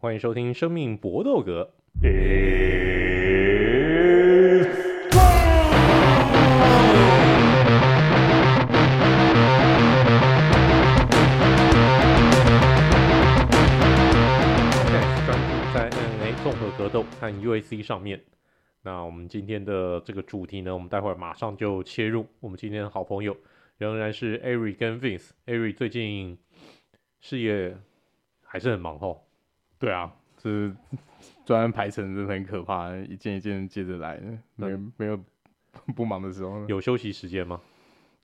歡迎收聽《生命搏鬥格》。Yes, 專注在 MMA 綜合格鬥，看 UFC 上面。那我們今天的這個主題呢，我們待會兒馬上就切入。我們今天的好朋友仍然是 Ari 跟 Vince。Ari 最近事業還是很忙哈。對啊，就是專案排程，真的很可怕，一件一件接着來。嗯、沒沒有不忙的時候。有休息時間嗎？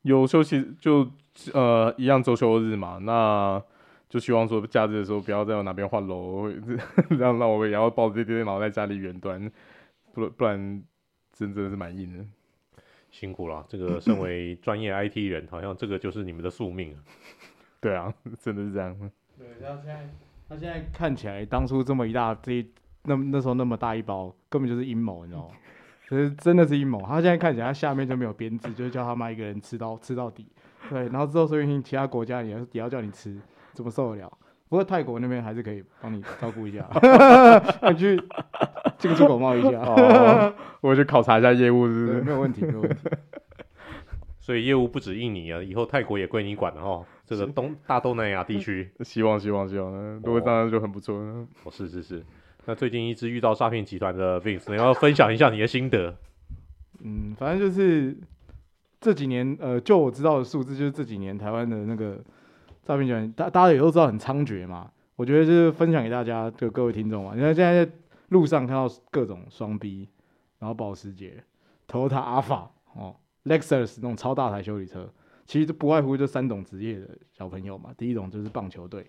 有休息就呃一樣周休日嘛，那就希望說假日的時候不要再往哪邊換樓，這樣 讓我也要抱着這台電腦在家裡遠端，不然不然真的是蠻硬的，辛苦了、啊，這個身為專業 IT 人， 好像這個就是你們的宿命、啊，對啊，真的是這樣，對，到現在。他現在看起來，當初這麼一大這一那那時候那麼大一包，根本就是陰謀，你知道嗎？其實真的是陰謀。他現在看起來，他下面就沒有編制，就是叫他媽一個人吃到吃到底，對。然後之後說不定其他國家也也要叫你吃，怎麼受得了？不過泰國那邊還是可以幫你照顧一下， 你去，這個出口貿易一下 好好好，我去考察一下業務，是不是？是，沒有問題，沒有問題。所以業務不止印尼啊，以後泰國也歸你管了，這個東大東南亞地區，希望希望希望，希望呢，如果當然就很不錯，哦。哦，是是是。那最近一直遇到詐騙集團的 VIX，你要分享一下你的心得。嗯，反正就是這幾年，呃，就我知道的數字，就是這幾年台灣的那個詐騙集團，大大家也都知道很猖獗嘛。我覺得就是分享給大家就各位聽眾嘛。你看現在在路上看到各種雙 B，然後保時捷、Toyota 阿法哦。Lexus 那種超大台休旅車，其實不外乎就三種職業的小朋友嘛。第一種就是棒球隊，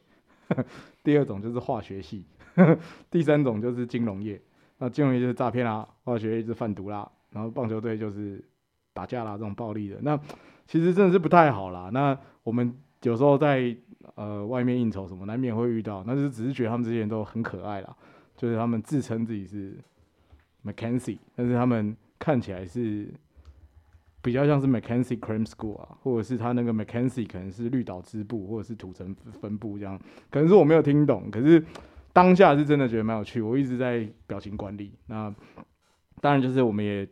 第二種就是化學系，呵呵，第三種就是金融業。那金融業就是詐騙啦，化學業就是販毒啦，然後棒球隊就是打架啦，這種暴力的。那其實真的是不太好啦。那我們有時候在呃外面應酬什麼，難免會遇到。那就只是覺得他們這些人都很可愛啦，就是他們自稱自己是 McKenzie，但是他們看起來是。比較像是 Mackenzie Crime School 啊，或者是他那個 Mackenzie 可能是綠島支部，或者是土城分部這樣，可能是我沒有聽懂。可是當下是真的覺得蠻有趣，我一直在表情管理。那當然就是我們也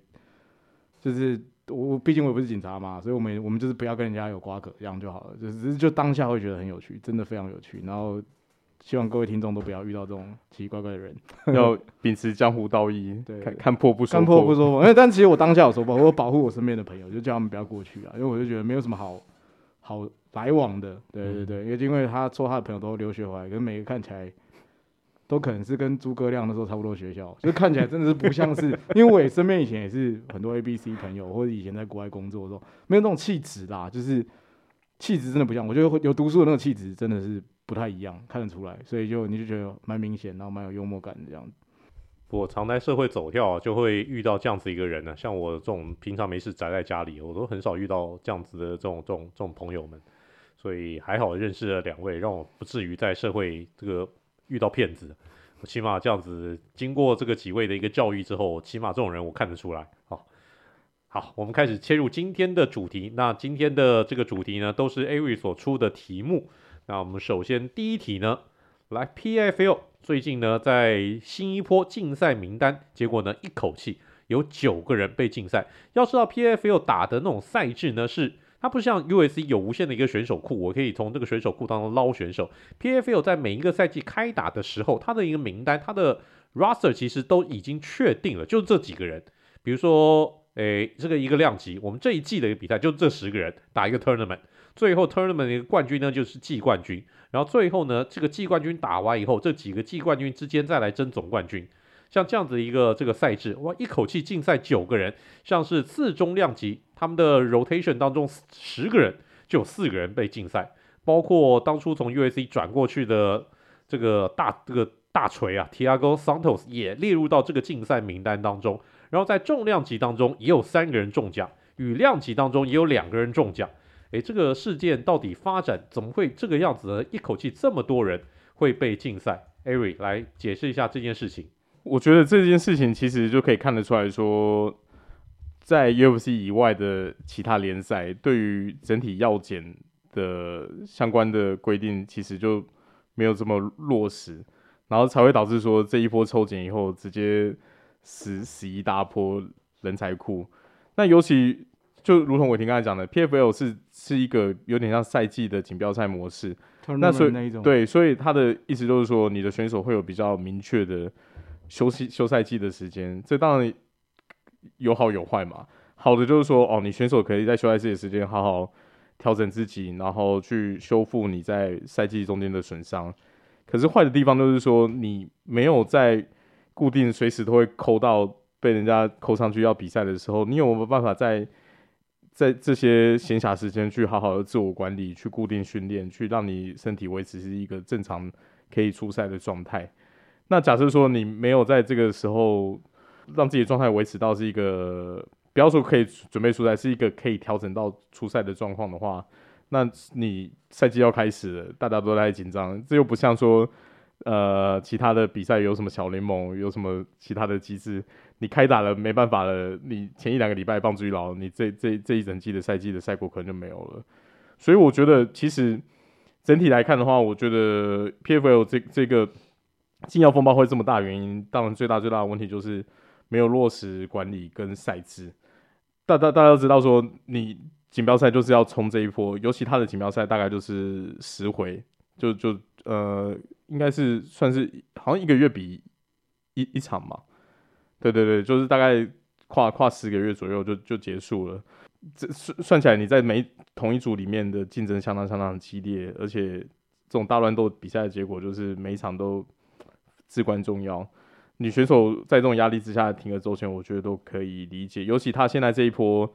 就是我，畢竟我不是警察嘛，所以我們我們就是不要跟人家有瓜葛，這樣就好了。就只是就當下會覺得很有趣，真的非常有趣。然後。希望各位聽眾都不要遇到這種奇奇怪怪的人，要秉持江湖道義， 對，看破不說破，看破不說破。 因為但其實我當下有說破，我保護我身邊的朋友，就叫他們不要過去啊。因為我就覺得沒有什麼好好來往的。對對對，嗯、因為因為他做他的朋友都留學回來，跟每個看起來都可能是跟諸葛亮那時候差不多學校，就是、看起來真的是不像是。 因為我也身邊以前也是很多 A B C 朋友，或者以前在國外工作的時候，沒有那種氣質啦，就是氣質真的不像。我覺得有讀書的那種氣質，真的是。不太一樣，看得出來，所以就你就覺得蠻明顯，然後蠻有幽默感這樣，我常在社會走跳、啊，就會遇到這樣子一個人呢、啊。像我這種平常沒事宅在家裡，我都很少遇到這樣子的這種這種這種朋友們。所以還好認識了兩位，讓我不至於在社會這個遇到騙子。我起碼這樣子，經過這個幾位的一個教育之後，起碼這種人我看得出來。好、哦，好，我們開始切入今天的主題。那今天的這個主題呢，都是 Avery 所出的題目。那我們首先第一題呢，來 PFL 最近呢在新一波禁賽名單，結果呢一口氣有九個人被禁賽。要知道 PFL 打的那種賽制呢，是它不像 UFC 有無限的一個選手庫，我可以從這個選手庫當中撈選手。PFL 在每一個賽季開打的時候，它的一個名單，它的 roster 其實都已經確定了，就這幾個人。比如說，哎，這個一個量級，我們這一季的一個比賽就這十個人打一個 tournament。最後 tournament 的一個冠軍呢，就是季冠軍。然後最後呢，這個季冠軍打完以後，這幾個季冠軍之間再來爭總冠軍。像這樣子的一個這個賽制，哇，一口氣禁賽九個人。像是次中量級，他們的 rotation 當中十個人就有四個人被禁賽。包括當初從 UFC 轉過去的這個大這個大錘啊，Thiago Santos 也列入到這個禁賽名單當中。然後在重量級當中也有三個人中獎，羽量級當中也有兩個人中獎。誒，這個事件到底發展怎麼會這個樣子呢？一口氣這麼多人會被禁賽，Ari 來解釋一下這件事情。我覺得這件事情其實就可以看得出來說，在 UFC 以外的其他聯賽，對於整體藥檢的相關的規定，其實就沒有這麼落實，然後才會導致說這一波抽檢以後，直接死死一大波人才庫。那尤其。就如同我聽剛才講的，PFL 是是一個有點像賽季的錦標賽模式。Tournament，那所以，那一種，對，所以他的意思就是說，你的選手會有比較明確的休息、休賽季的時間。這當然有好有壞嘛。好的就是說，哦，你選手可以在休賽季的時間好好調整自己，然後去修復你在賽季中間的損傷。可是壞的地方就是說，你沒有在固定隨時都會扣到被人家扣上去要比賽的時候，你有沒有辦法在？在這些閒暇時間去好好的自我管理，去固定訓練，去讓你身體維持是一個正常可以出賽的狀態。那假設說你沒有在這個時候讓自己的狀態維持到是一個不要說可以準備出賽，是一個可以調整到出賽的狀況的話，那你賽季要開始了，大家都太緊張。這又不像說呃其他的比賽有什麼小聯盟，有什麼其他的機制。你開打了，沒辦法了。你前一兩個禮拜棒子老，你這這這一整季的賽季的賽果可能就沒有了。所以我覺得，其實整體來看的話，我覺得 PFL 這這個禁藥風暴會這麼大，原因當然最大最大的問題就是沒有落實管理跟賽制。大大大家都知道說，你錦標賽就是要衝這一波，尤其他的錦標賽大概就是十回，就就呃，應該是算是好像一個月比一一,一場嘛。對對對，就是大概跨跨十個月左右就就結束了。這算算起來，你在每一同一組裡面的競爭相當相當激烈，而且這種大亂鬥比賽的結果就是每一場都至關重要。女選手在這種壓力之下的鋌而走險，我覺得都可以理解。尤其他現在這一波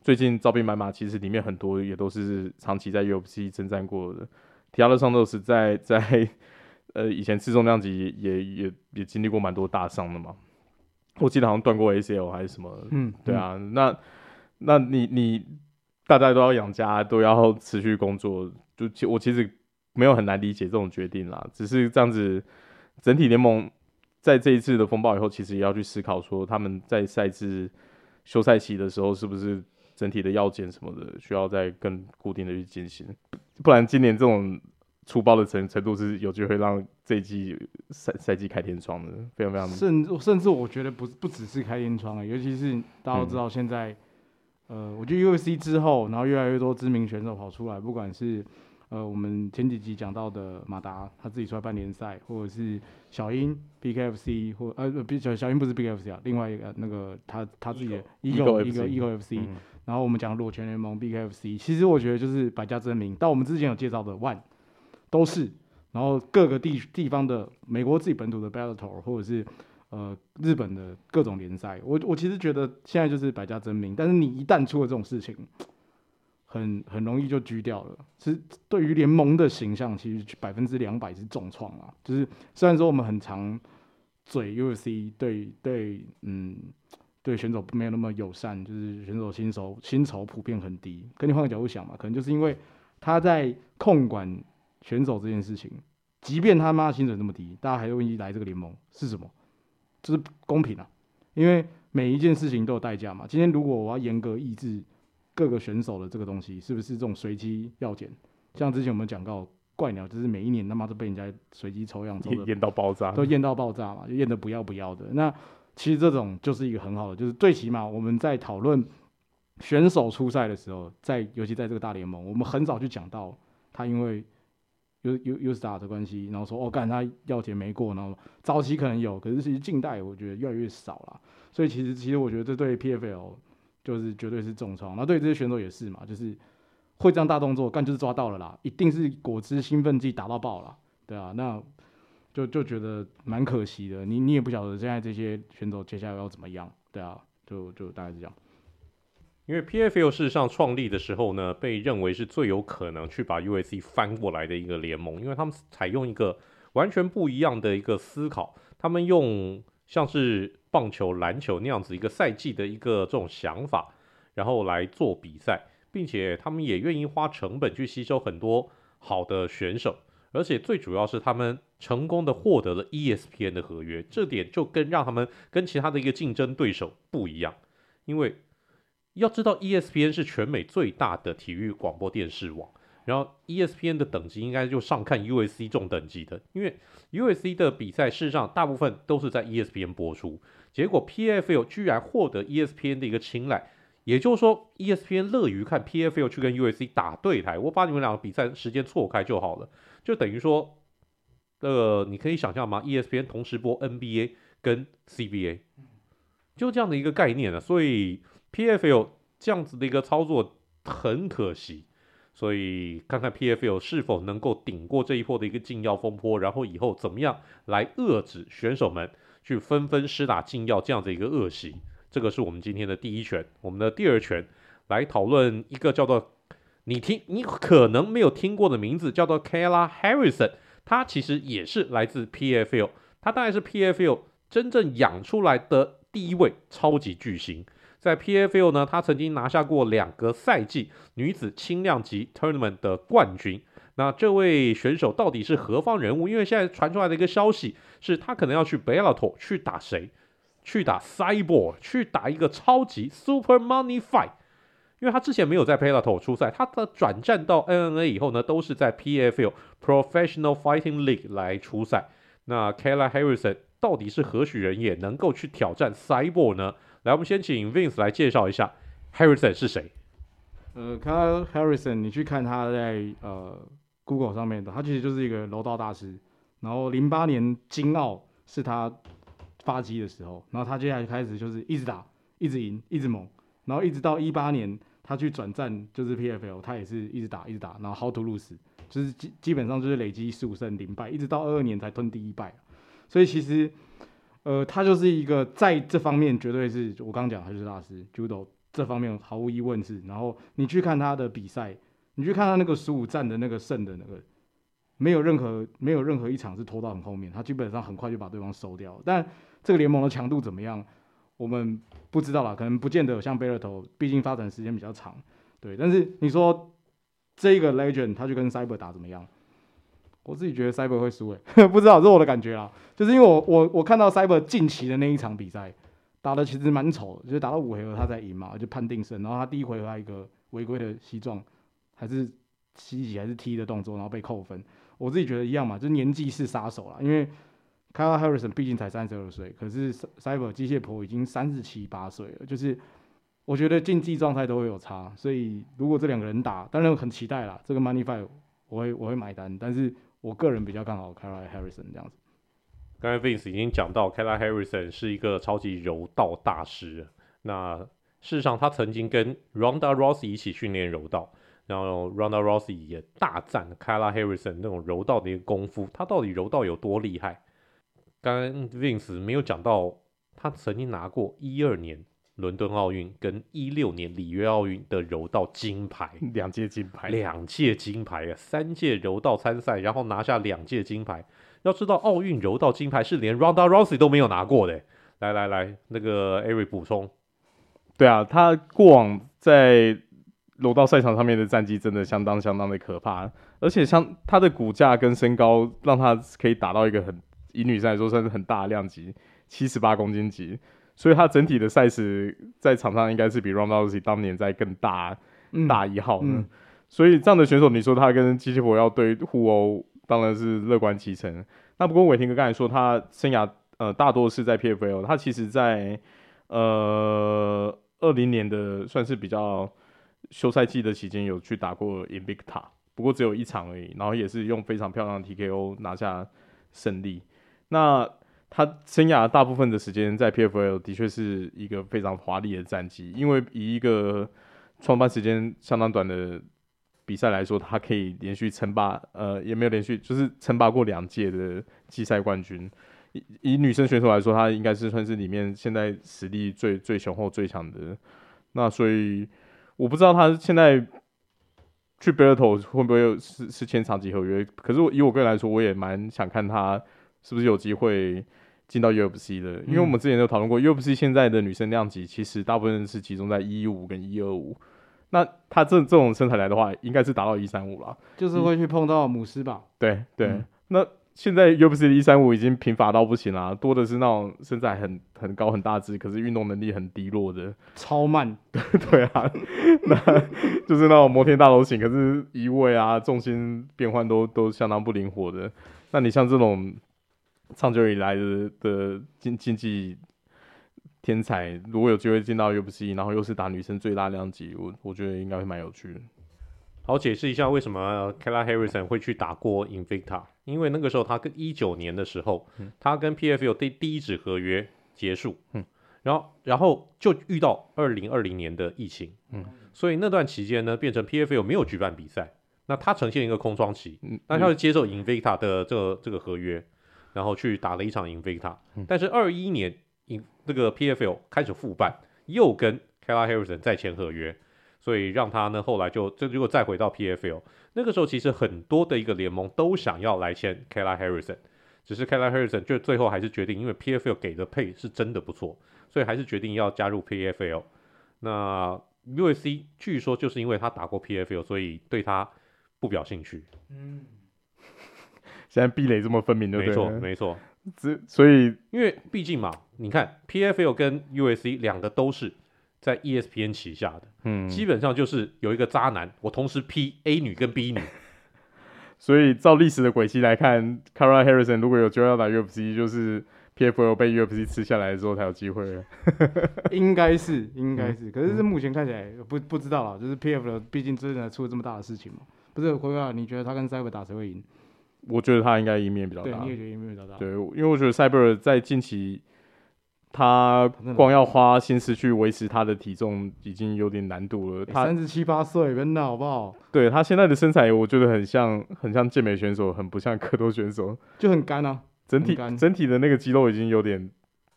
最近招兵買馬，其實裡面很多也都是長期在 UFC 征戰過的。Thiago Santos 在在呃以前次重量級也也也,也經歷過蠻多大傷的嘛。我記得好像斷過 ACL 還是什麼嗯，嗯，對啊，那那你你大家都要養家，都要持續工作，就其，我其實沒有很難理解這種決定啦，只是這樣子，整體聯盟在這一次的風暴以後，其實也要去思考說他們在賽制休賽期的時候是不是整體的要件什麼的需要再更固定的去進行，不然今年這種粗暴的程程度是有機會讓。這一季賽賽季開天窗的非常非常甚，甚至甚至我覺得不不只是開天窗啊、欸，尤其是大家都知道現在，嗯、呃，我覺得 UFC 之後，然後越來越多知名選手跑出來，不管是呃我們前幾集講到的馬達他自己出來辦聯賽，或者是小鷹 BKFC，或呃小小鷹不是 BKFC 啊，另外一個那個他他自己的個一個 Eagle Eagle FC，然後我們講裸拳聯盟 BKFC，其實我覺得就是百家爭鳴，但我們之前有介紹的 ONE 都是。然後各個地地方的美國自己本土的 Bellator，或者是呃日本的各種聯賽，我我其實覺得現在就是百家爭鳴。但是你一旦出了這種事情，很很容易就狙掉了。其實對於聯盟的形象，其實百分之兩百是重創啊。就是雖然說我們很常嘴 UFC 對對嗯對選手沒有那麼友善，就是選手薪酬薪酬普遍很低。可你換個角度想嘛，可能就是因為他在控管。選手這件事情，即便他媽的薪水這麼低，大家還願意來這個聯盟是什麼？就是公平啊！因為每一件事情都有代價嘛。今天如果我要嚴格抑制各個選手的這個東西，是不是這種隨機藥檢？像之前我們講到怪鳥，就是每一年他媽都被人家隨機抽樣，驗驗到爆炸，都驗到爆炸嘛，驗得不要不要的。那其實這種就是一個很好的，就是最起碼我們在討論選手出賽的時候，在尤其在這個大聯盟，我們很少去講到他因為，有有有打的關係，然後說哦，幹他藥檢沒過，然後早期可能有，可是其實近代我覺得越來越少了，所以其實其實我覺得這對 PFL 就是絕對是重創，那對這些選手也是嘛，就是會這樣大動作，幹就是抓到了啦，一定是果汁興奮劑打到爆了，對啊，那就就覺得蠻可惜的，你你也不曉得現在這些選手接下來要怎麼樣，對啊，就就大概是這樣。因為 PFL 事實上創立的時候呢，被認為是最有可能去把 UFC 翻過來的一個聯盟，因為他們採用一個完全不一樣的一個思考，他們用像是棒球、籃球那樣子一個賽季的一個這種想法，然後來做比賽，並且他們也願意花成本去吸收很多好的選手，而且最主要是他們成功的獲得了 ESPN 的合約，這點就跟讓他們跟其他的一個競爭對手不一樣，因為。要知道，ESPN 是全美最大的體育廣播電視網，然後 ESPN 的等級應該就上看 UFC 這種等級的，因為 UFC 的比賽事實上大部分都是在 ESPN 播出。結果 PFL 居然獲得 ESPN 的一個青睞，也就是說，ESPN 樂於看 PFL 去跟 UFC 打對台，我把你們兩個比賽時間錯開就好了，就等於說，呃，你可以想象嗎？ESPN 同時播 NBA 跟 CBA，就這樣的一個概念了、啊，所以。PFL 這樣子的一個操作很可惜，所以看看 PFL 是否能夠頂過這一波的一個禁藥風波，然後以後怎麼樣來遏制選手們去紛紛施打禁藥這樣的一個惡習。這個是我們今天的第一拳，我們的第二拳來討論一個叫做你聽你可能沒有聽過的名字，叫做 Kayla Harrison，他其實也是來自 PFL，他當然是 PFL 真正養出來的第一位超級巨星。在 PFL 呢，他曾經拿下過兩個賽季女子輕量級 tournament 的冠軍。那這位選手到底是何方人物？因為現在傳出來的一個消息是，他可能要去 Bellator 去打誰？去打 Cyborg？去打一個超級 Super Money Fight？因為他之前沒有在 Bellator 出賽，他的轉戰到 n n a 以後呢，都是在 PFL Professional Fighting League 來出賽。那 Kayla Harrison 到底是何許人也，能夠去挑戰 Cyborg 呢？來，我們先請 Vince 來介紹一下 Harrison 是誰。呃，Kayla Harrison，你去看他在呃 Google 上面的，他其實就是一個柔道大師。然後零八年金澳是他發迹的時候，然後他接下來開始就是一直打，一直贏，一直猛，然後一直到一八年他去轉戰就是 PFL，他也是一直打，一直打，然後 How to Lose 就是基基本上就是累積十五勝零敗，一直到二二年才吞第一敗。所以其實。呃，他就是一個在這方面絕對是我剛剛講的，他就是大師，Judo 這方面毫無疑問是。然後你去看他的比賽，你去看他那個十五戰的那個勝的那個，沒有任何，沒有任何一場是拖到很後面，他基本上很快就把對方收掉。但這個聯盟的強度怎麼樣，我們不知道啦，可能不見得有像貝勒頭，畢竟發展時間比較長，對。但是你說這個 Legend，他去跟 Cyber 打怎麼樣？我自己覺得 Cyber 會輸誒、欸，不知道是我的感覺啦，就是因為我我我看到 Cyber 近期的那一場比賽打得其實蠻醜，就是打到五回合他才贏嘛，就判定勝，然後他第一回合他一個違規的膝撞，還是膝擊還是踢的動作，然後被扣分。我自己覺得一樣嘛，就年是年紀是殺手啦，因為 Kayla Harrison 畢竟才三十二歲，可是 Cyber 機械婆已經三十七八歲了，就是我覺得競技狀態都會有差，所以如果這兩個人打，當然很期待啦，這個 Money Fight 我會我會買單，但是。我個人比較看好 Kayla Harrison 這樣子。剛才 Vince 已經講到 Kayla Harrison 是一個超級柔道大師。那事實上，他曾經跟 Ronda Rousey 一起訓練柔道，然後 Ronda Rousey 也大讚 Kayla Harrison 那種柔道的一個功夫，他到底柔道有多厲害？剛剛 Vince 沒有講到，他曾經拿過一二年倫敦奧運跟一六年里約奧運的柔道金牌，兩屆金牌，兩屆金牌啊，三屆柔道參賽，然後拿下兩屆金牌。要知道，奧運柔道金牌是連 Ronda Rousey 都沒有拿過的。來來來，那個 Eri 補充，對啊，他過往在柔道賽場上面的戰績真的相當相當的可怕，而且像他的骨架跟身高，讓他可以打到一個很以女生來說算是很大的量級，七十八公斤級。所以他整體的賽事在場上應該是比 Ronda Rousey 當年再更大，嗯、大一號的，嗯、所以這樣的選手，你說他跟機器火要對互毆，當然是樂觀其成。那不過偉霆哥剛才說他生涯呃大多是在 PFL。他其實在呃二零年的算是比較休賽季的期間有去打過 Invicta，不過只有一場而已，然後也是用非常漂亮的 TKO 拿下勝利。那他生涯大部分的時間在 PFL，的確是一個非常華麗的戰績。因為以一個創辦時間相當短的比賽來說，他可以連續稱霸，呃，也沒有連續，就是稱霸過兩屆的季賽冠軍。以以女生選手來說，她應該是算是裡面現在實力最最雄厚、最強的。那所以我不知道他現在去 Bellator 會不會有是是簽長期合約。可是我以我個人來說，我也蠻想看他是不是有機會。進到 UFC 的，因為我們之前就討論過，UFC 現在的女生量級其實大部分是集中在一一五跟一二五，那她這這種身材來的話，應該是達到一三五了，就是會去碰到母獅吧？對對、嗯，那現在 UFC 的一三五已經貧乏到不行了，多的是那種身材很很高很大只，可是運動能力很低落的，超慢 對啊，那就是那種摩天大樓型，可是移位啊、重心變換都都相當不靈活的，那你像這種。長久以來的的競競技天才，如果有機會進到 UFC，然後又是打女生最大量級，我我覺得應該會蠻有趣的。好，解釋一下為什麼 Kayla Harrison 會去打過 Invicta，因為那個時候他跟一九年的時候，他跟 PFL 第第一紙合約結束，嗯，然後然後就遇到二零二零年的疫情，嗯，所以那段期間呢，變成 PFL 沒有舉辦比賽，那他呈現一個空窗期，嗯，那他就接受 Invicta 的這個、這個合約。然後去打了一場 Invicta，但是二一年英那個 PFL 開始復辦，又跟 Kayla Harrison 再簽合約，所以讓他呢後來就這如果再回到 PFL，那個時候其實很多的一個聯盟都想要來簽 Kayla Harrison，只是 Kayla Harrison 就最後還是決定，因為 PFL 給的配是真的不錯，所以還是決定要加入 PFL。那 UFC 據說就是因為他打過 PFL，所以對他不表興趣。嗯。現在壁壘這麼分明，對不對？沒錯，沒錯。所以，因為畢竟嘛，你看，PFL 跟 UFC 兩個都是在 ESPN 旗下的，嗯，基本上就是有一個渣男，我同時 P A 女跟 B 女。所以，照歷史的軌跡來看 ，Kayla Harrison 如果有機會要打 UFC 就是 PFL 被 UFC 吃下來之後才有機會 應該是，應該是，嗯。可是，目前看起來不不知道了，就是 PFL 畢竟之前出了這麼大的事情嘛。不是，坤哥，你覺得他跟塞維 打誰會贏？我覺得他應該贏面比較大。對，你也覺得贏面比較大。對，因為我覺得 Cyborg 在近期，他光要花心思去維持他的體重已經有點難度了。他三十七八歲，欸、別鬧好不好？對，他現在的身材，我覺得很像很像健美選手，很不像格鬥選手，就很乾啊。整體整體的那個肌肉已經有點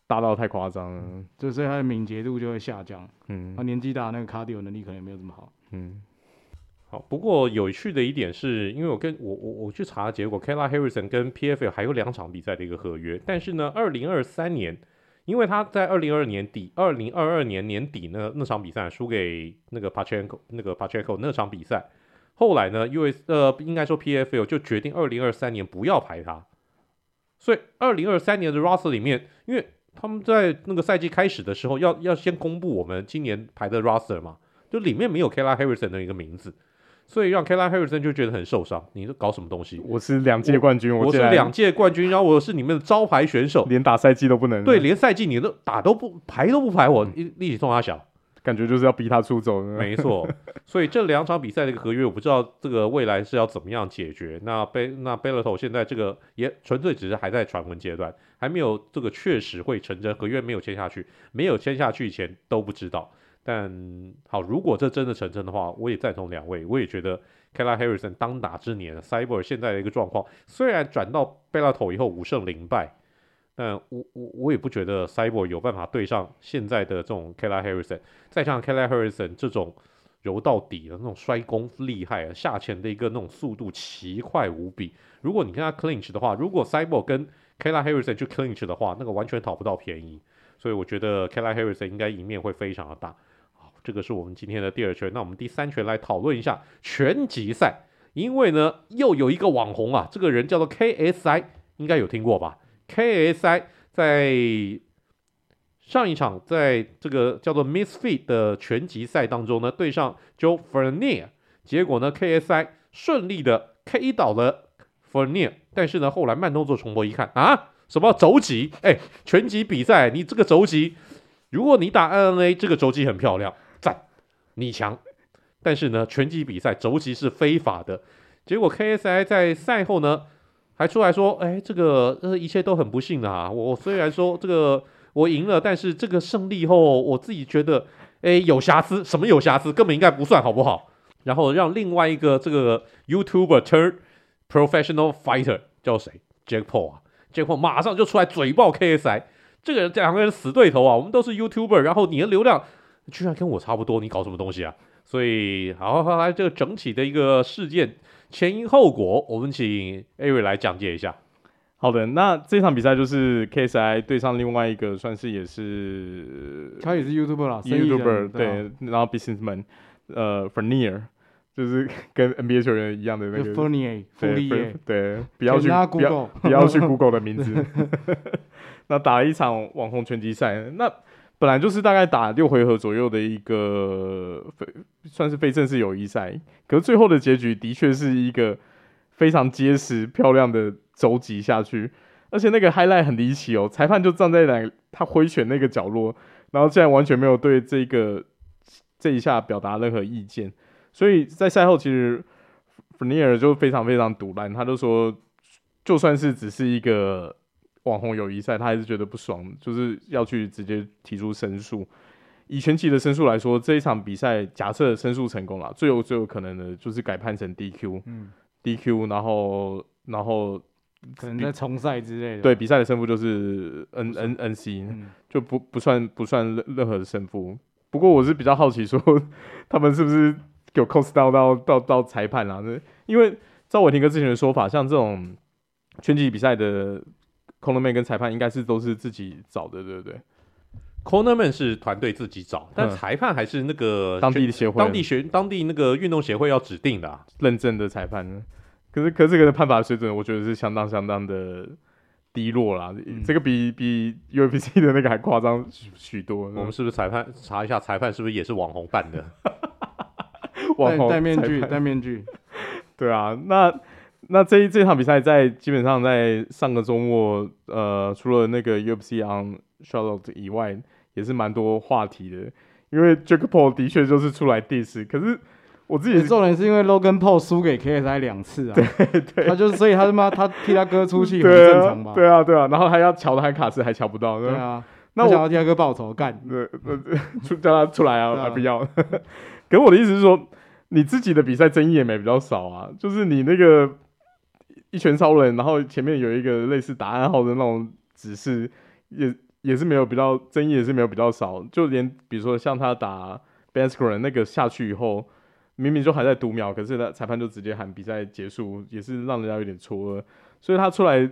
大到太誇張了、嗯，就所以他的敏捷度就會下降。嗯，他年紀大，那個 Cardio 能力可能也沒有這麼好。嗯。不過有趣的一點是，因為我跟我我我去查，結果 Kaila Harrison 跟 PFL 還有兩場比賽的一個合約。但是呢，二零二三年，因為他在二零二年底，二零二二年年底那那場比賽輸給那個 Pacheco，那個 p a c 那場比賽，後來呢，US 呃應該說 PFL 就決定二零二三年不要排他。所以二零二三年的 Roster 裡面，因為他們在那個賽季開始的時候要要先公布我們今年排的 Roster 嘛，就裡面沒有 Kaila Harrison 的一個名字。所以讓 Kayla Harrison 就覺得很受傷。你都搞什麼東西？我是兩屆冠軍，我，我是兩屆冠軍，然後我是你們的招牌選手，連打賽季都不能。對，連賽季你都打都不排都不排我，立氣送他小，感覺就是要逼他出走，嗯。沒錯，所以這兩場比賽的一個合約，我不知道這個未來是要怎麼樣解決。 那貝那 Bellator 現在這個也純粹只是還在傳聞階段，還沒有這個確實會成真，合約沒有簽下去，沒有簽下去以前都不知道。但好，如果這真的成真的，的話，我也贊同兩位，我也覺得 Kayla Harrison 當打之年，Cyborg 現在的一個狀況，雖然轉到貝拉頭以後五勝零敗，但我我我也不覺得 Cyborg 有辦法對上現在的這種 Kayla Harrison。再加上 Kayla Harrison 這種柔到底的那種摔功厲害了，下潛的一個那種速度奇快無比。如果你跟他 Clinch 的話，如果 Cyborg 跟 Kayla Harrison 就 Clinch 的話，那個完全討不到便宜。所以我覺得 Kayla Harrison 應該贏面會非常的大。這個是我們今天的第二拳，那我們第三拳來討論一下拳擊賽，因為呢又有一個網紅啊，這個人叫做 KSI，應該有聽過吧？KSI 在上一場在這個叫做 Misfit 的拳擊賽當中呢，對上 Joe Fernier，結果呢 KSI 順利的 K 倒了 Fernier，但是呢後來慢動作重播一看啊，什麼肘擊？哎，拳擊比賽你這個肘擊，如果你打 MMA 這個肘擊很漂亮。你強，但是呢，拳擊比賽肘擊是非法的。結果 KSI 在賽後呢，還出來說：“哎、欸，這個呃，一切都很不幸的啊。我雖然說這個我贏了，但是這個勝利後，我自己覺得，哎、欸，有瑕疵，什麼有瑕疵，根本應該不算，好不好？”然後讓另外一個這個 YouTuber turn professional fighter 叫誰？Jake Paul 啊，Jake Paul 馬上就出來嘴爆 KSI，這個人這兩個人死對頭啊，我們都是 YouTuber，然後你的流量。居然跟我差不多，你搞什麼東西啊？所以，好，好好來，這個整體的一個事件前因後果，我們請艾維來講解一下。好的，那這場比賽就是 KSI 對上另外一個，算是也是，他也是 YouTuber 師 YouTuber 對，對，然後 Businessman，呃，Furnier，就是跟 NBA 球員一樣的那個 Furnier，對 Furnier，對，Furnier，對，Furnier 對，不要去，不要不要去 Google 的名字， 那打了一場網紅拳擊賽，那。本來就是大概打六回合左右的一個非算是非正式友誼賽，可是最後的結局的確是一個非常結實漂亮的肘擊下去，而且那個 highlight 很離奇哦，裁判就站在那他揮拳那個角落，然後竟然完全沒有對這個這一下表達任何意見，所以在賽後其實弗尼爾就非常非常賭爛，他就說就算是只是一個。網紅友誼賽，他還是覺得不爽，就是要去直接提出申訴。以拳擊的申訴來說，這一場比賽假設申訴成功了，最有最有可能的就是改判成 DQ，嗯，DQ，然後然後可能再重賽之類的。對，比賽的勝負就是 N 是 N N C，嗯，就不不算不算任何的勝負。不過我是比較好奇說，說他們是不是有 cos 到到到到裁判啊？因為照偉霆哥之前的說法，像這種拳擊比賽的。Cornerman 跟裁判應該是都是自己找的，對不對？Cornerman 是團隊自己找，嗯，但裁判還是那個學，當地的協會，當地學，當地那個運動協會要指定的，啊，認證的裁判。可是，可是這個判罰水準，我覺得是相當相當的低落啦。嗯、這個比比 UFC 的那個還誇張許許多。我們是不是裁判查一下？裁判是不是也是網紅扮的？ 網紅戴面具，戴面具。 對啊，那。那這一這一場比賽在基本上在上個週末，呃，除了那個 UFC on Charlotte 以外，也是蠻多話題的。因為 Jake Paul 的確就是出來 diss，可是我自己做人，欸、是因為 Logan Paul 輸給 K S I 兩次啊，對，對，對他就，所以他他媽他替他哥出氣很正常吧？對啊對啊，對啊，然後還要他要瞧他卡斯還瞧不到，對啊，那我想要替他哥報仇，幹，對，對，呃、出叫他出來啊， 啊還不要？ 可我的意思是說，你自己的比賽爭議也沒比較少啊，就是你那個。一拳超人，然後前面有一個類似答案號的那種指示，也也是沒有比較爭議，也是沒有比較少。就連比如說像他打 b a n s k r e n 那個下去以後，明明就還在讀秒，可是他裁判就直接喊比賽結束，也是讓人家有點錯愕。所以他出來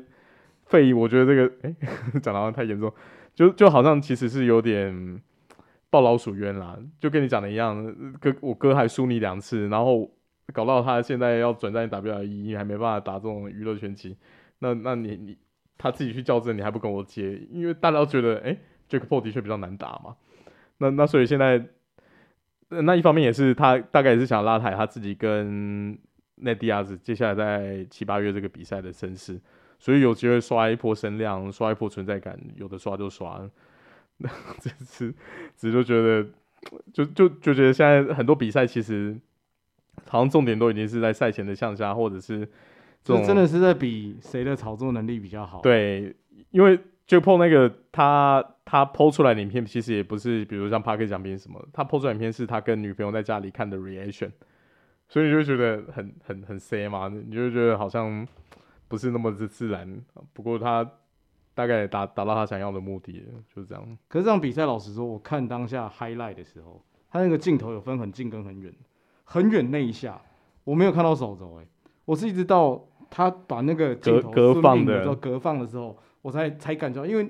費我覺得這個哎講的話太嚴重，就就好像其實是有點抱老鼠冤啦，就跟你講的一樣，哥我哥還輸你兩次，然後。搞到他現在要轉戰 WWE，還沒辦法打這種娛樂圈棋，那那你你他自己去較真，你還不跟我接？因為大家都覺得，誒、欸、Jake Paul 的確比較難打嘛。那那所以現在、呃，那一方面也是他大概也是想拉抬他自己跟 Nate Diaz 接下來在七八月這個比賽的聲勢，所以有機會刷一波聲量，刷一波存在感，有的刷就刷。那這次只是只是就覺得，就就就覺得現在很多比賽其實。好像重點都已經是在賽前的向下，或者是這、就是、真的是在比誰的炒作能力比較好。對，因為 Jake Paul 那個他他拋出來的影片，其實也不是比如像 Park 獎杯什麼的，他拋出來影片是他跟女朋友在家裡看的 reaction，所以就覺得很很很 C 嘛，你就覺得好像不是那麼的自然。不過他大概達達到他想要的目的，就是這樣。可是這場比賽老實說，我看當下 highlight 的時候，他那個鏡頭有分很近跟很遠。很遠那一下，我沒有看到手肘哎、欸，我是一直到他把那個鏡頭隔，格放的，的時候，放的時候，我才才感覺到，因為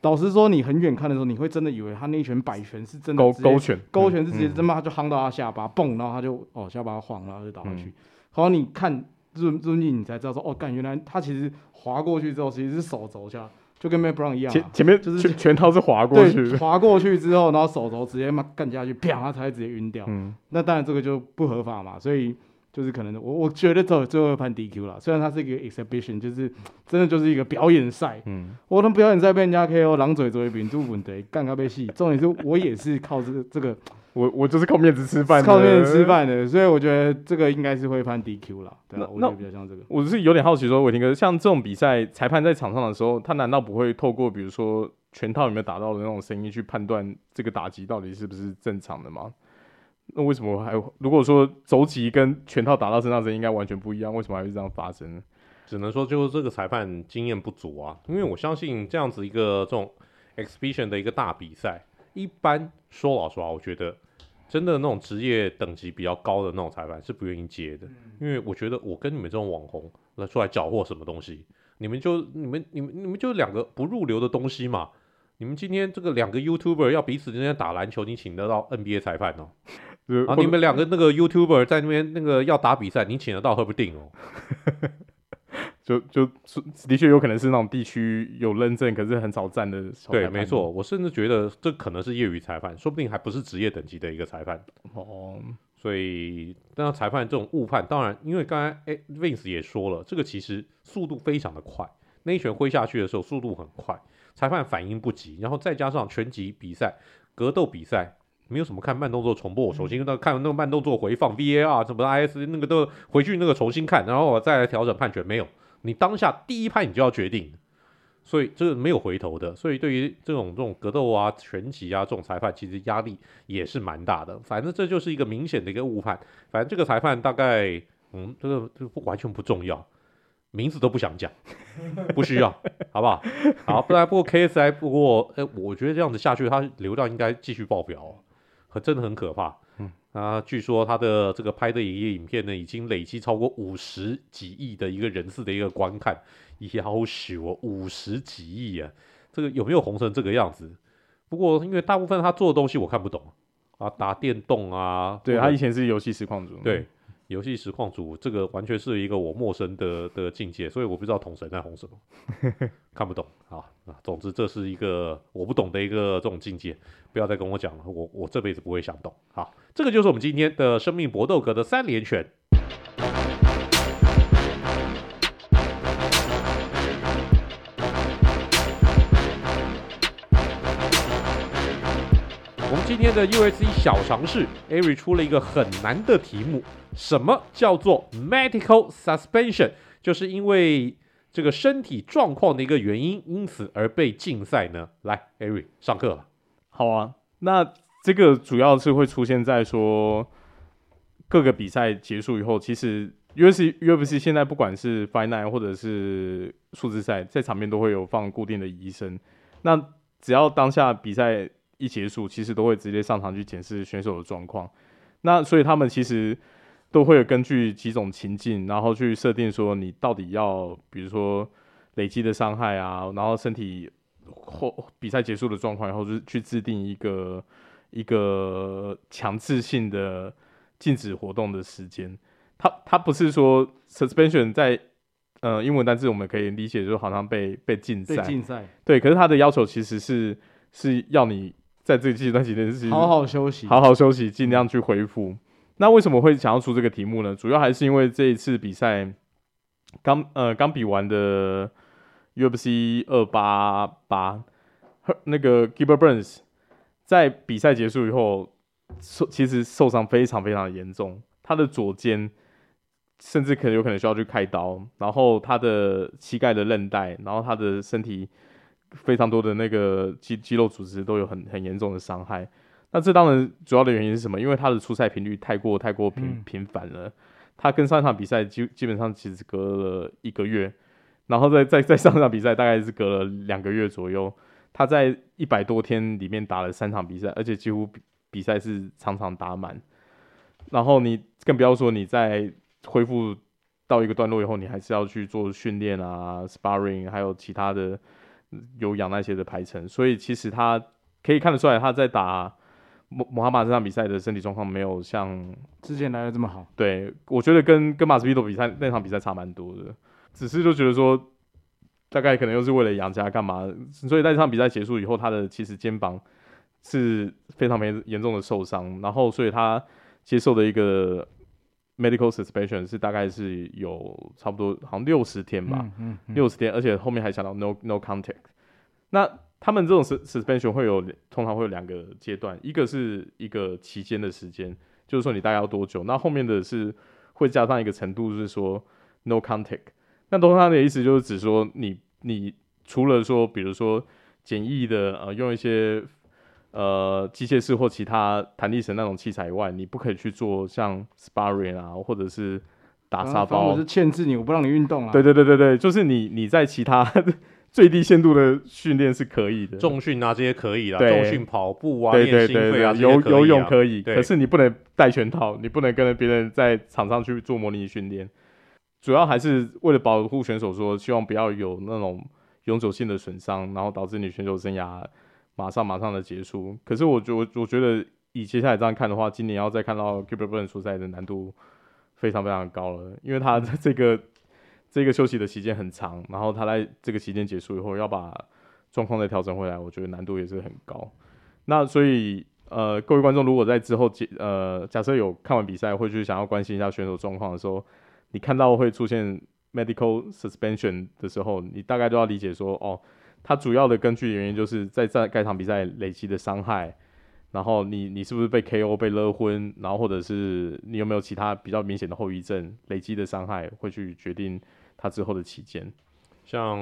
導師說你很遠看的時候，你會真的以為他那一拳擺拳是真的，勾勾拳，勾拳是直接真他就夯到他下巴蹦，然後他就哦下巴晃了，然後倒下去。好、嗯，然後你看近最近你才知道說哦，幹原來他其實劃過去之後，其實是手肘下。就跟沒不讓一樣、啊，前前面就是拳套是滑過去，滑過去之後，然後手肘直接嘛幹下去，啪，他才會直接暈掉。嗯，那當然這個就不合法嘛，所以就是可能我我覺得這最後判 DQ 了。雖然他是一個 exhibition，就是真的就是一個表演賽。嗯、哦，我的表演賽被人家 KO，狼嘴嘴平住問題，幹個屁戲。重點是我也是靠這個這個。 我我就是靠面子吃飯的，靠面子吃飯的，所以我覺得這個應該是會判 DQ 啦。對啊，我覺得比較像這個。我只是有點好奇說，說偉霆哥，像這種比賽，裁判在場上的時候，他難道不會透過比如說拳套有沒有打到的那種聲音去判斷這個打擊到底是不是正常的嗎？那為什麼還如果說肘擊跟拳套打到身上時應該完全不一樣，為什麼還會這樣發生呢？只能說就是這個裁判經驗不足啊，因為我相信這樣子一個這種 exhibition 的一個大比賽，一般說老實話，我覺得。真的那種職業等級比較高的那種裁判是不願意接的。嗯，因為我覺得，我跟你們這種網紅來出來攪和什麼東西，你們就你們你們你們就兩個不入流的東西嘛。你們今天這個兩個 YouTuber 要彼此之間打籃球，你請得到 NBA 裁判哦？喔？啊、嗯，你們兩個那個 YouTuber 在那邊那個要打比賽，你請得到 Herb Dean 哦？喔。 就就是的確有可能是那種地區有認證，可是很少站的。對，沒錯，我甚至覺得這可能是業餘裁判，說不定還不是職業等級的一個裁判。哦、oh.，所以當然，但裁判這種誤判，當然，因為剛才 A、欸、Vince 也說了，這個其實速度非常的快，那一拳揮下去的時候速度很快，裁判反應不及，然後再加上拳擊比賽、格鬥比賽沒有什麼看慢動作重播，嗯、首先那看到那個慢動作回放，VAR 什麼 IS 那個都回去那個重新看，然後我再來調整判決，沒有。你當下第一派你就要決定，所以這個沒有回頭的，所以對於這種這種格鬥啊、拳擊啊這種裁判，其實壓力也是蠻大的。反正這就是一個明顯的一個誤判，反正這個裁判大概嗯，這個這個不完全不重要，名字都不想講，不需要，好不好？好，不然不過 KSI，不過哎、欸，我覺得這樣子下去，他流量應該繼續爆表，可真的很可怕。那、啊、據說他的這個拍的影業影片呢，已經累積超過五十幾億的一個人次的一個觀看，夭壽啊、哦，五十幾億啊，這個有沒有紅成這個樣子？不過因為大部分他做的東西我看不懂啊，打電動啊，對他以前是遊戲實況主，對。遊戲實況組這個完全是一個我陌生的的境界，所以我不知道統神在紅什麼， 看不懂啊。總之這是一個我不懂的一個這種境界，不要再跟我講了，我我這輩子不會想懂。好，這個就是我們今天的生命搏鬥格的三連拳。的 UFC 小常識，Ari 出了一個很難的題目：什麼叫做 medical suspension？就是因為這個身體狀況的一個原因，因此而被禁賽呢？來，Ari 上課了。好啊，那這個主要是會出現在說各個比賽結束以後，其實 UFC UFC 現在不管是 Fight Night 或者是數字賽，在場邊都會有放固定的醫生。那只要當下比賽。一結束，其實都會直接上場去檢視選手的狀況。那所以他們其實都會根據幾種情境，然後去設定說你到底要，比如說累積的傷害啊，然後身體或比賽結束的狀況，然後就去制定一個一個強制性的禁止活動的時間。他他不是說 suspension 在呃英文單詞我們可以理解說好像被被禁賽，禁賽，對，可是他的要求其實是是要你，在這幾段時間，好好休息，好好休息，儘量去恢復。那為什麼會想要出這個題目呢？主要還是因為這一次比賽剛呃剛比完的 UFC 二八八，那個 Gilbert Burns 在比賽結束以後受其實受傷非常非常嚴重，他的左肩甚至可能有可能需要去開刀，然後他的膝蓋的韌帶，然後他的身體。非常多的那個肌肌肉組織都有很很嚴重的傷害。那這當然主要的原因是什麼？因為他的出賽頻率太過太過頻頻繁了。他跟上一場比賽基基本上其實隔了一個月，然後再再再上一場比賽大概是隔了兩個月左右。他在一百多天裡面打了三場比賽，而且幾乎比比賽是場場打滿。然後你更不要說你在恢復到一個段落以後，你還是要去做訓練啊、sparring，還有其他的。有養那些的排程，所以其實他可以看得出來，他在打穆穆哈馬這場比賽的身體狀況沒有像之前來的這麼好。對，我覺得跟跟馬斯比多比賽那場比賽差蠻多的，只是就覺得說大概可能又是為了養家幹嘛，所以在那場比賽結束以後，他的其實肩膀是非常嚴重的受傷，然後所以他接受的一個。Medical suspension 是大概是有差不多好像六十天吧，嗯、嗯、嗯、六十天，而且後面還想到 no no contact。那他們這種 susp suspension 會有通常會有兩個階段，一個是一個期間的時間，就是說你大概要多久。那後面的是會加上一個程度，是說 no contact。那通常的意思就是指說你你除了說，比如說簡易的呃用一些。呃，機械式或其他彈力繩那種器材以外，你不可以去做像 Sparring 啊，或者是打沙包。我、啊、是限制你，我不讓你運動啊。對對對對對，就是你你在其他最低限度的訓練是可以的，重訓啊這些可以啦。重訓、跑步啊、這些對啊，游游泳可以，可是你不能戴拳套，你不能跟別人在場上去做模擬訓練。主要還是為了保護選手說，說希望不要有那種永久性的損傷，然後導致你選手生涯。馬上馬上的結束，可是我覺我我覺得以接下來這樣看的話，今年要再看到 Kubern 出賽的難度非常非常高了，因為他這個這個休息的期間很長，然後他在這個期間結束以後要把狀況再調整回來，我覺得難度也是很高。那所以呃，各位觀眾如果在之後解，呃，假設有看完比賽會去想要關心一下選手狀況的時候，你看到會出現 medical suspension 的時候，你大概都要理解說哦。他主要的根據原因，就是在在該場比賽累積的傷害，然後你你是不是被 KO 被勒昏，然後或者是你有沒有其他比較明顯的後遺症累積的傷害，累積的傷害會去決定他之後的期間。像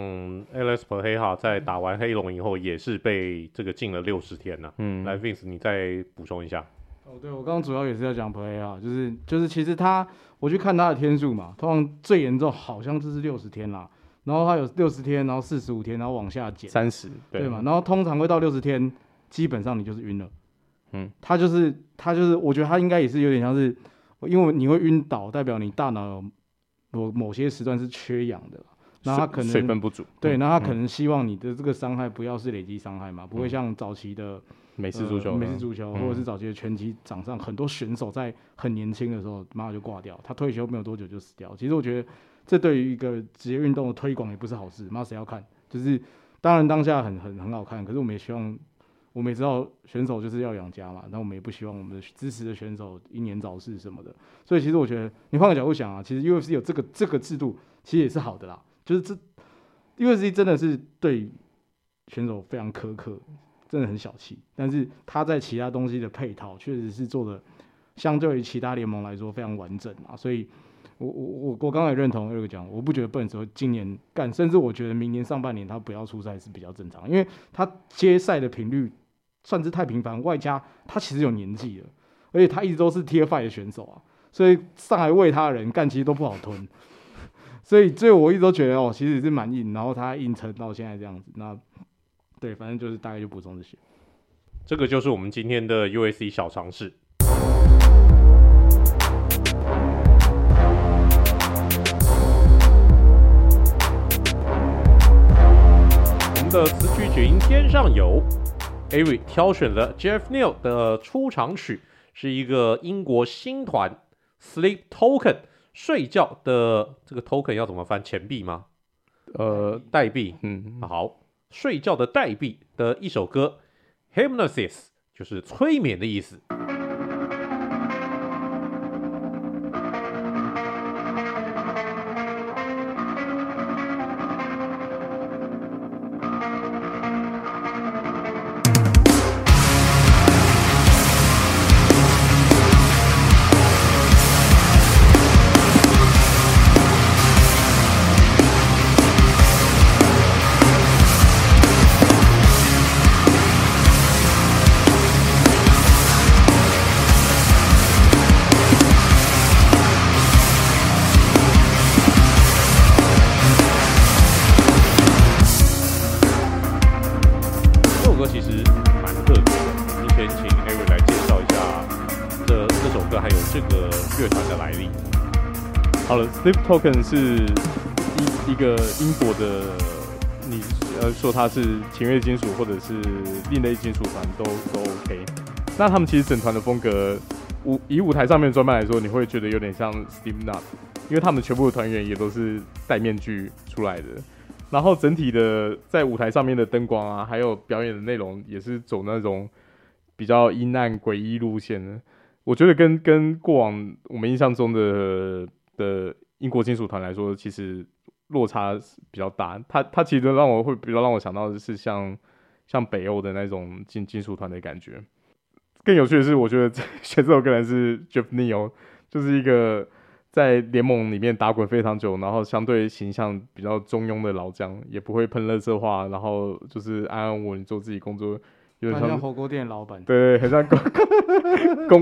Alex Pereira 在打完黑龍以後，也是被這個禁了六十天吶、啊。嗯，來 Vince，你再補充一下。哦、oh，對，我剛剛主要也是要講 Pereira 就是就是其實他我去看他的天數嘛，通常最嚴重好像就是六十天啦、啊。然後它有六十天，然後四十五天，然後往下減三十，對嘛？然後通常會到六十天，基本上你就是暈了。嗯，它就是它就是，我覺得它應該也是有點像是，因為你會暈倒，代表你大腦某某些時段是缺氧的。那它可能水分不足，對，那、嗯、它可能希望你的這個傷害不要是累積傷害嘛，不會像早期的、嗯呃、美式足球、嗯、美式足球，或者是早期的拳擊場上很多選手在很年輕的時候馬上就掛掉，他退休沒有多久就死掉。其實我覺得。這對於一個職業運動的推廣也不是好事，媽誰要看？就是當然當下很很很好看，可是我們也希望，我們也知道選手就是要養家嘛，那我們也不希望我們的支持的選手英年早逝什麼的。所以其實我覺得你換個角度想啊，其實 UFC 有這個這個制度其實也是好的啦，就是這 UFC 真的是對選手非常苛刻，真的很小氣，但是他在其他東西的配套確實是做的相對於其他聯盟來說非常完整啊，所以。我我我我剛才認同二哥講，我不覺得，不能說今年幹，甚至我覺得明年上半年他不要出賽是比較正常，因為他接賽的頻率算是太頻繁，外加他其實有年紀了，而且他一直都是 TF 的選手啊，所以上來餵他的人幹其實都不好吞， 所以這我一直都覺得哦，其實是蠻硬，然後他硬撐到現在這樣子，那對，反正就是大概就補充這些，這個就是我們今天的 UFC 小常識。的詞曲只應天上有，艾瑞挑選了 Geoff Neal 的出場曲，是一個英國新團 Sleep Token，睡覺的這個 Token 要怎麼翻？錢幣嗎？呃，代幣。嗯，好，睡覺的代幣的一首歌 ，Hypnosis 就是催眠的意思。其實蠻特別的。今天請艾 y 來介紹一下這這首歌，還有這個樂團的來歷。好了 s l e v e Token 是一,一個英國的，你呃說它是前衛金屬或者是另類金屬團都都 OK。那他們其實整團的風格，舞以舞台上面裝扮來說，你會覺得有點像 s t e a m n u n 因為他們的全部團員也都是戴面具出來的。然後整體的在舞台上面的燈光啊，還有表演的內容，也是走那種比較陰暗、詭異路線的。我覺得跟跟過往我們印象中的的英國金屬團來說，其實落差比較大。他他其實讓我會比較讓我想到的是像像北歐的那種金金屬團的感覺。更有趣的是，我覺得這選這首歌人是 Geoff Neal 哦，就是一個。在聯盟裡面打滾非常久，然後相對形象比較中庸的老將，也不會噴垃圾話，然後就是安安穩穩做自己工作，有點像，像火鍋店老板，對很像公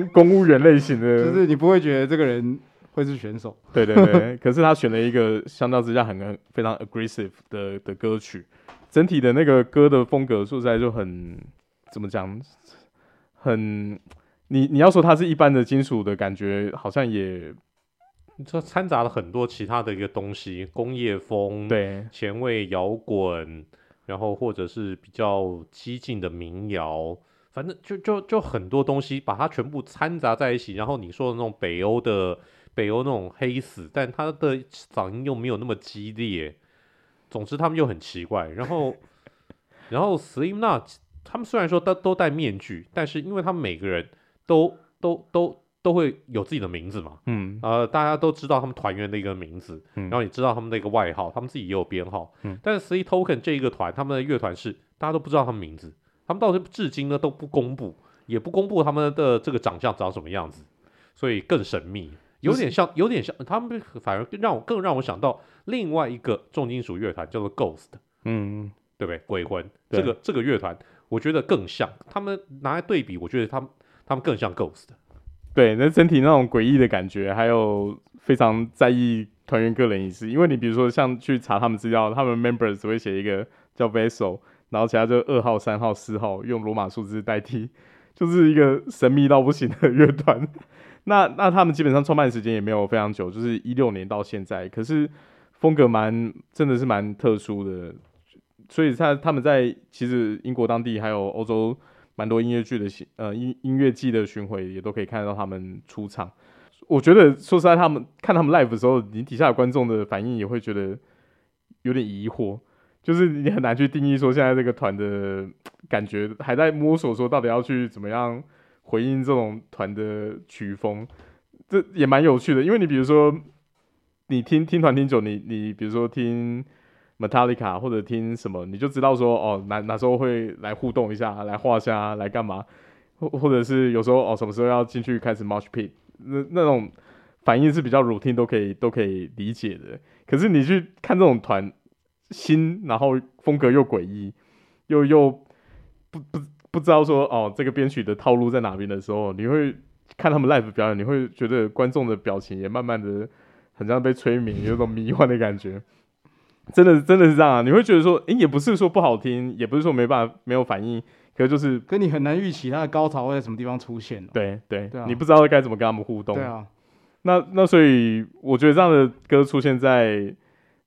公公務員類型的。就是你不會覺得這個人會是選手，對對對。 可是他選了一個相較之下很非常 aggressive 的的歌曲，整體的那個歌的風格說實在就很怎麼講，很你你要說他是一般的金屬的感覺，好像也。這摻雜了很多其他的一個東西，工業風，對，前衛搖滾，然後或者是比較激進的民謠，反正就就就很多東西，把它全部摻雜在一起。然後你說的那種北歐的北歐那種黑死，但他的嗓音又沒有那麼激烈。總之他們又很奇怪。然後， 然後 Slipknot 他們雖然說都都戴面具，但是因為他們每個人都都都。都都會有自己的名字嘛，嗯，呃，大家都知道他們團員的一個名字，嗯，然後也知道他們的一個外號，他們自己也有編號，嗯，但是 Sleep Token 這一個團，他們的樂團是大家都不知道他們名字，他們到底至今呢都不公布，也不公布他們的這個長相長什麼樣子，所以更神秘，有點像，有點像他們，呃，反而讓我更讓我想到另外一個重金屬樂團叫做 Ghost，嗯，對不對？鬼魂，這個這個樂團，我覺得更像，他們拿來對比，我覺得他們他們更像 Ghost。對，那整體那種詭異的感覺，還有非常在意團員個人隱私。因為你比如說像去查他們資料，他們 members 只會寫一個叫 Vessel，然後其他就二號、三號、四號用羅馬數字代替，就是一個神秘到不行的樂團。 那那他們基本上創辦時間也沒有非常久，就是一六年到現在，可是風格蠻真的是蠻特殊的，所以他他們在其實英國當地還有歐洲。蠻多音樂劇的巡，呃，音音樂季的巡迴也都可以看到他們出場。我覺得說實在，他們看他們 live 的時候，你底下有觀眾的反應也會覺得有點疑惑，就是你很難去定義說現在這個團的感覺還在摸索，說到底要去怎麼樣回應這種團的曲風，這也蠻有趣的。因為你比如說，你聽聽團聽久，你你比如說聽。Metallica 或者聽什麼，你就知道說哦，哪哪時候會來互動一下，來畫一下，來幹嘛，或或者是有時候哦，什麼時候要進去開始 mosh pit，那那種反應是比較 routine 都可以都可以理解的。可是你去看這種團新，然後風格又詭異，又又不不不知道說哦，這個編曲的套路在哪邊的時候，你會看他們 live 表演，你會覺得觀眾的表情也慢慢的很像被催眠，有一種迷幻的感覺。真的真的是這樣啊！你會覺得說、欸，也不是說不好聽，也不是說沒辦法沒有反應，可是就是跟你很難預期他的高潮會在什麼地方出現、喔。對對，對、啊，你不知道該怎麼跟他們互動。對啊，那那所以我覺得這樣的歌出現在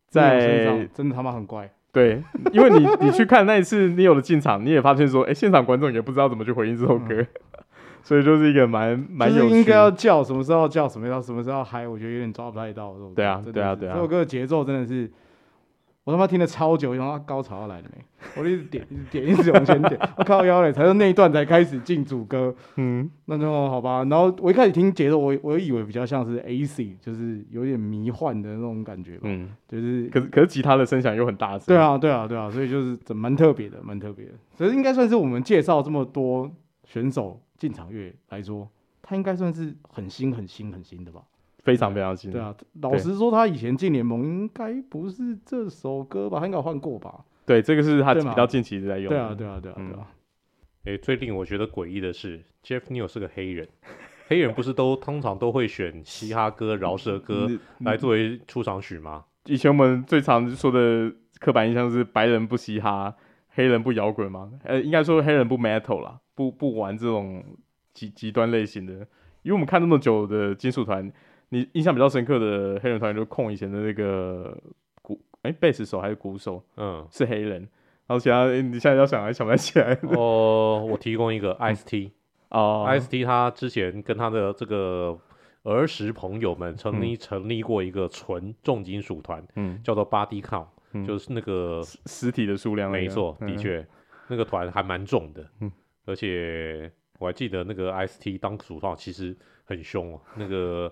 在真的他媽很怪。對，因為你你去看那一次 Neal 的進場， 你也發現說，哎、欸，現場觀眾也不知道怎麼去回應這首歌，嗯、 所以就是一個蠻蠻有趣。就是、應該要叫什麼時候叫，什麼時候要叫，什麼時候要嗨，我覺得有點抓不太到對啊對啊對啊，這首、啊啊啊啊、歌的節奏真的是。我他媽聽了超久，然後高潮要來了沒？我一直點，點一直點，一直往前點，我靠腰嘞，才說那一段才開始進主歌。嗯，那就好吧。然後我一開始聽節奏，我我以為比較像是 AC，就是有點迷幻的那種感覺吧。嗯，就是可是可是吉他的聲響又很大聲。對啊，對啊，對啊，所以就是蠻特別的，蠻特別的。所以應該算是我們介紹這麼多選手進場樂來說，它應該算是很新、很新、很新的吧。非常非常近。對，對啊，老實說，他以前進聯盟應該不是這首歌吧？他應該換過吧？對，這個是他比較近期在用的對。對啊，對啊，對啊。哎、嗯啊啊啊啊，最令我覺得詭異的是，Geoff Neal 是個黑人， 黑人不是都通常都會選嘻哈歌、饒舌歌 來作為出場曲嗎？以前我們最常說的刻板印象是白人不嘻哈，黑人不搖滾嗎？呃，應該說黑人不 Metal 啦，不不玩這種極極端類型的，因為我們看那麼久的金屬團。你印象比較深刻的黑人團就空以前的那個鼓欸，貝斯手還是鼓手，嗯，是黑人。然後其他，欸、你現在要想還想不起來？哦，我提供一個 Ice-T 哦、嗯、，Ice-T 他之前跟他的這個兒時朋友們成立、嗯、成立過一個純重金屬團、嗯，叫做 Body Count，、嗯、就是那個屍體的數量沒錯，的確、嗯、那個團還蠻重的、嗯，而且我還記得那個 Ice-T 當主唱其實很兇、啊，那個。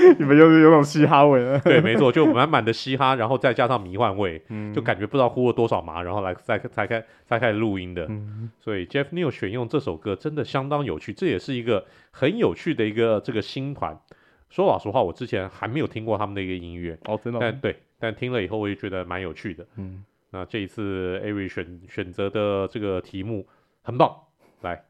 你們就是有種嘻哈味了，對，沒錯，就滿滿的嘻哈， 然後再加上迷幻味、嗯，就感覺不知道呼了多少麻，然後來再才開才開始錄音的、嗯，所以 Geoff Neal 選用這首歌真的相當有趣，這也是一個很有趣的一個這個新團。說老實話，我之前還沒有聽過他們的一個音樂，哦、oh,，真的，但對，但聽了以後我也覺得蠻有趣的，嗯，那這一次 Ari 選選擇的這個題目很棒，來。